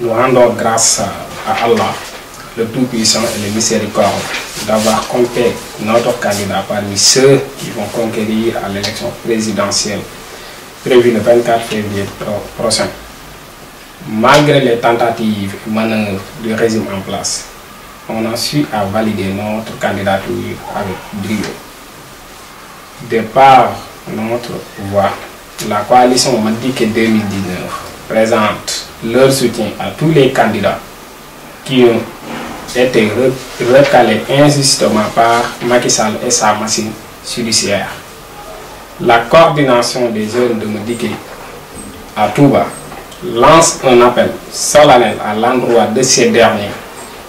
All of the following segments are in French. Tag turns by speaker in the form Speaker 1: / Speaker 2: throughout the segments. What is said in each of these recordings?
Speaker 1: Nous rendons grâce à Allah, le Tout-Puissant et le Miséricorde, d'avoir compté notre candidat parmi ceux qui vont conquérir à l'élection présidentielle prévue le 24 février prochain. Malgré les tentatives et manœuvres du régime en place, on a su à valider notre candidature avec brio. De par notre voix, la coalition que 2019 présente leur soutien à tous les candidats qui ont été recalés injustement par Macky Sall et sa machine judiciaire. La coordination des jeunes de Modiké à Touba lance un appel solennel à l'endroit de ces derniers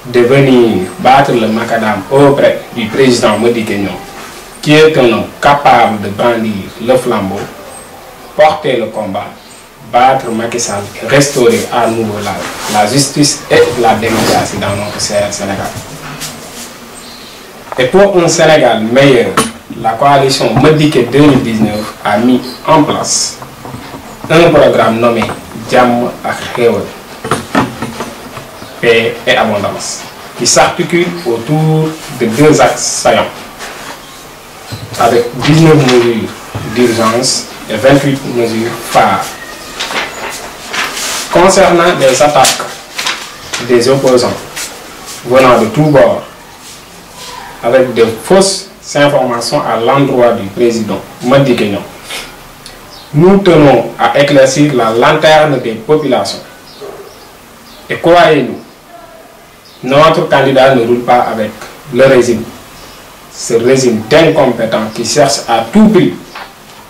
Speaker 1: de venir battre le macadam auprès du président Modi qui est un homme capable de brandir le flambeau, porter le combat battre Macky restaurer à nouveau la, justice et la démocratie dans notre Sénégal. Et pour un Sénégal meilleur, la coalition Modique 2019 a mis en place un programme nommé Djam Akhéol, Paix et Abondance, qui s'articule autour de deux axes saillants, avec 19 mesures d'urgence et 28 mesures phares Concernant les attaques des opposants venant de tout bords avec de fausses informations à l'endroit du président nous tenons à éclaircir la lanterne des populations. Et croyez-nous, notre candidat ne roule pas avec le régime. Ce régime d'incompétents qui cherche à tout prix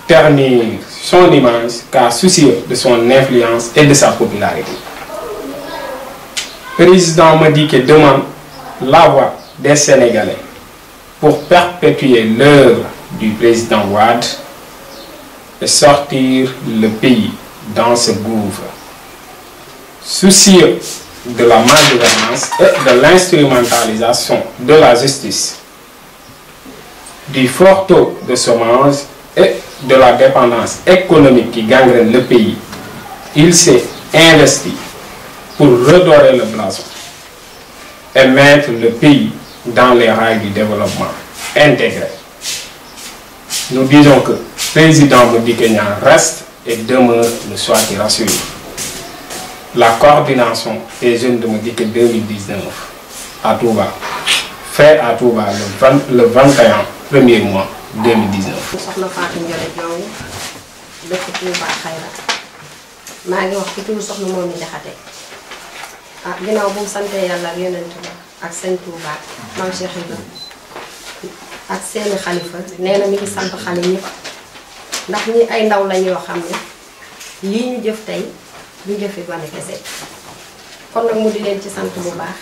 Speaker 1: ternir son image car soucieux de son influence et de sa popularité. Le président que demande la voix des Sénégalais pour perpétuer l'œuvre du président Ouad et sortir le pays dans ce gouffre. Soucieux de la malgouvernance et de l'instrumentalisation de la justice, du fort taux de chômage et de la dépendance économique qui gangrène le pays, il s'est investi pour redorer le blason et mettre le pays dans les rails du développement intégré. Nous disons que le président Modikenyan reste et demeure le soir qui rassure. La coordination des jeunes de Modique 2019 à Touba, fait à Touba le, 21 le 21 premier mois 2019. soxna
Speaker 2: Fatou Ndiolé Diong dëkk Touba Xayra maa ngi wax ci turu soxna moom mi jaxate ah ginnaaw bu mu sante yàlla ak yonent ba ak sëñ Touba maam Cheikh Ibrahima ak seeni xalifa nee mi ngi sant xale ñëpp ndax ñi ay ndaw lañ yoo xam ne lii ñu jëf tey du jëfi gone kese kon nag mu di leen ci sant bu baax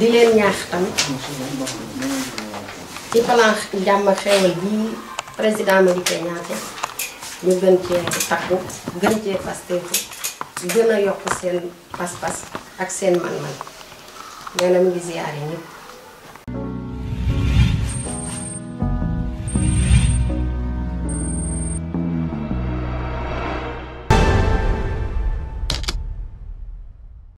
Speaker 2: di leen ñaax tam ci plan jàmm ak xeewal bii président Madické Niang ñu gën cee takku gën cee pasteefu gën a yokk seen pas-pas ak seen man-man nee na mu ngi